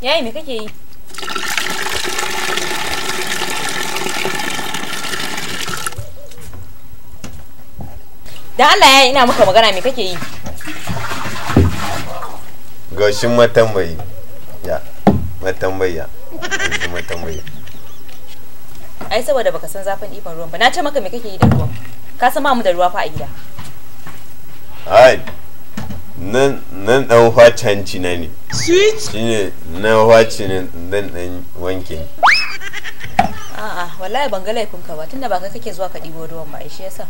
Yayi me kake yi? Da Allah yayi ina maka magana me kake yi? Goshin matambayi. Ya, matambaya. Goshin matambaya. Ai saboda baka san zafin ɗiban ruwan ba. Na ce maka me kake yi da ruwan? Ka san ma mu da ruwa fa a gida. Ai, nan dan wace cina ne shine na wace ne dan dan wanke ne a'a wallahi ban ga laifin ka ba tunda ba kai kake zuwa ka dibo ruwan ba shi yasa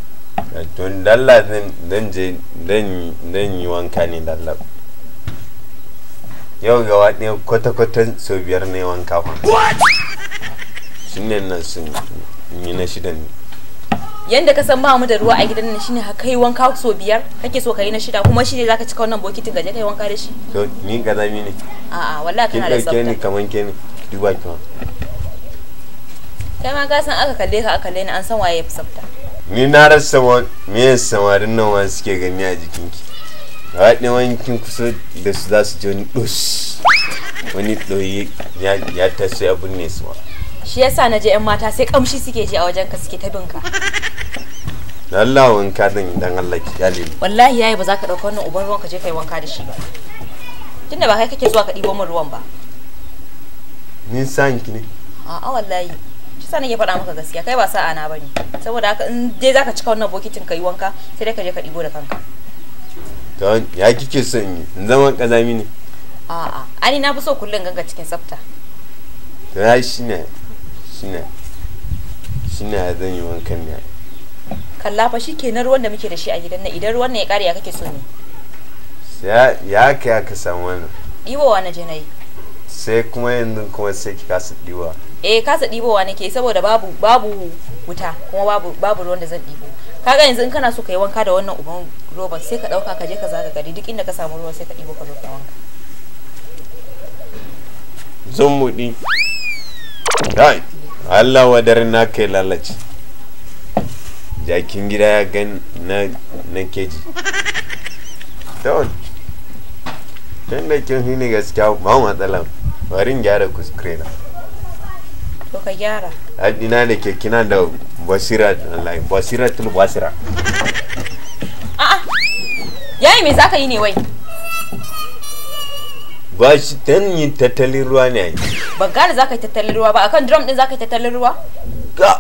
to dalla dan je dan dan yi wanka ne dalla yau gawa wani kwata-kwata sau biyar ne wanka shi shine nan sun yi na shidan ne yanda ka san ba mu da ruwa a gidan nan shine kai wanka so biyar kake so kai na shida kuma shine zaka cika wannan bokitin gaje kai wanka da shi to ni gazami ne a'a wallahi kana da tsafta kin ne ni kaman ke ne duba ki kai ma ka san aka kalle ka aka kalle ni an san waye ya fi tsafta ni na rasa wa me samarin nan wa suke gani a jikinki gaba ɗaya wani kin kusa da su za su ji wani ɗos wani ɗoyi ya taso ya binne su ba. shi yasa na je 'yan mata sai kamshi suke ji a wajen ka suke ta binka da Allah wanka din dan Allah ki kyale ni wallahi yayi ba za ka dauka wannan uban ruwan ka je kai wanka da shi ba tunda ba kai kake zuwa ka ɗibo min ruwan ba ni san ki ne a'a wallahi shi sanin ya faɗa maka gaskiya kai ba sa'a na bane saboda haka in je za ka cika wannan bokitin kai wanka sai dai ka je ka ɗibo da kanka to ya kike son yi in zama kazami ne a'a ani na fi so kullun ganga cikin tsafta to ya shine shine shine zan yi wankan ne kalla fa shi kenan ruwan da muke da shi a gidan nan idan ruwan ya kare ya kake so ne ya ka ya ka samu wani ɗibowa na je nayi sai kuma yanzu kuma sai ki kasa ɗibowa eh kasa ɗibowa nake saboda babu babu wuta kuma babu babu ruwan da zan ɗibo kaga yanzu in kana so ka yi wanka da wannan uban roban sai ka ɗauka ka je ka zaga gari duk inda ka samu ruwa sai ka ɗibo ka zo ka wanka zan muɗi kai Allah wadarin na kai lalace jakin gida ya gan na keji don da kin shi gaskiya ba matsala warin gyara kuskure na to ka gyara ina da ke kina da basira online basira tul basira a'a yayi me zaka yi ne wai bashi shi dan yi tattalin ruwa ne ai ba gane zaka yi tattalin ruwa ba akan drum din zaka yi tattalin ruwa ga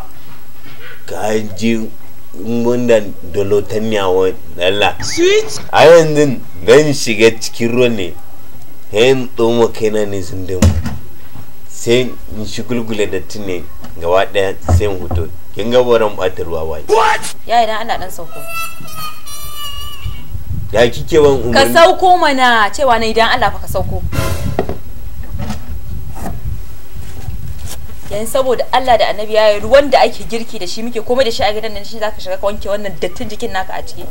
ka je munda dolo ta miyawa lalla a yanzu zan shiga cikin ruwan ne yayin tsoma kaina ne sun damu sai in shi gulgule da ne gaba daya sai in hutu kin ga boran ɓata ruwa wai ya idan ana dan sauko ya kike ban umarni ka sauko mana cewa na idan Allah fa ka sauko yan saboda Allah da annabi ya yi ruwan da ake girki da shi muke komai da shi a gidan nan shi zaka shiga ka wanke wannan dattin jikin naka a ciki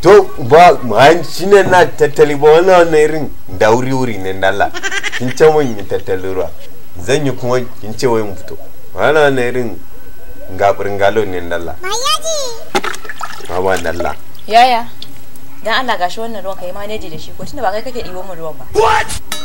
to ba an shine ne na tattali ba wannan wannan irin da wuri wuri ne Allah kin ce mun yi tattali ruwa zan yi kuma kin ce wai mu fito wannan wannan irin gaburin galo ne dalla Allah ba Allah yaya dan Allah gashi wannan ruwan kai maneji da shi ko tunda ba kai kake ɗibo mu ruwan ba what